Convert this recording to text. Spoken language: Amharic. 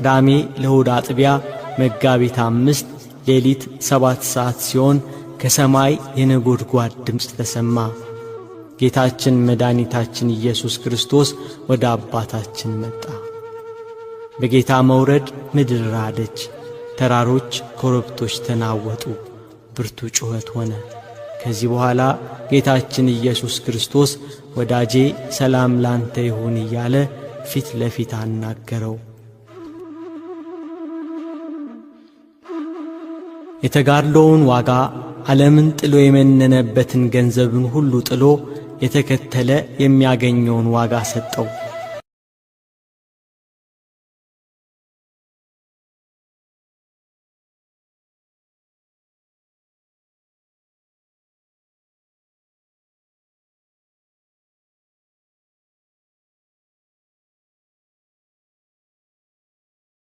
ቅዳሜ ለእሁድ አጥቢያ መጋቢት አምስት ሌሊት ሰባት ሰዓት ሲሆን ከሰማይ የነጎድጓድ ድምፅ ተሰማ። ጌታችን መድኃኒታችን ኢየሱስ ክርስቶስ ወደ አባታችን መጣ። በጌታ መውረድ ምድር ራደች፣ ተራሮች፣ ኮረብቶች ተናወጡ፣ ብርቱ ጩኸት ሆነ። ከዚህ በኋላ ጌታችን ኢየሱስ ክርስቶስ ወዳጄ ሰላም ላንተ ይሁን እያለ ፊት ለፊት አናገረው። የተጋድሎውን ዋጋ ዓለምን ጥሎ የመነነበትን ገንዘብን ሁሉ ጥሎ የተከተለ የሚያገኘውን ዋጋ ሰጠው።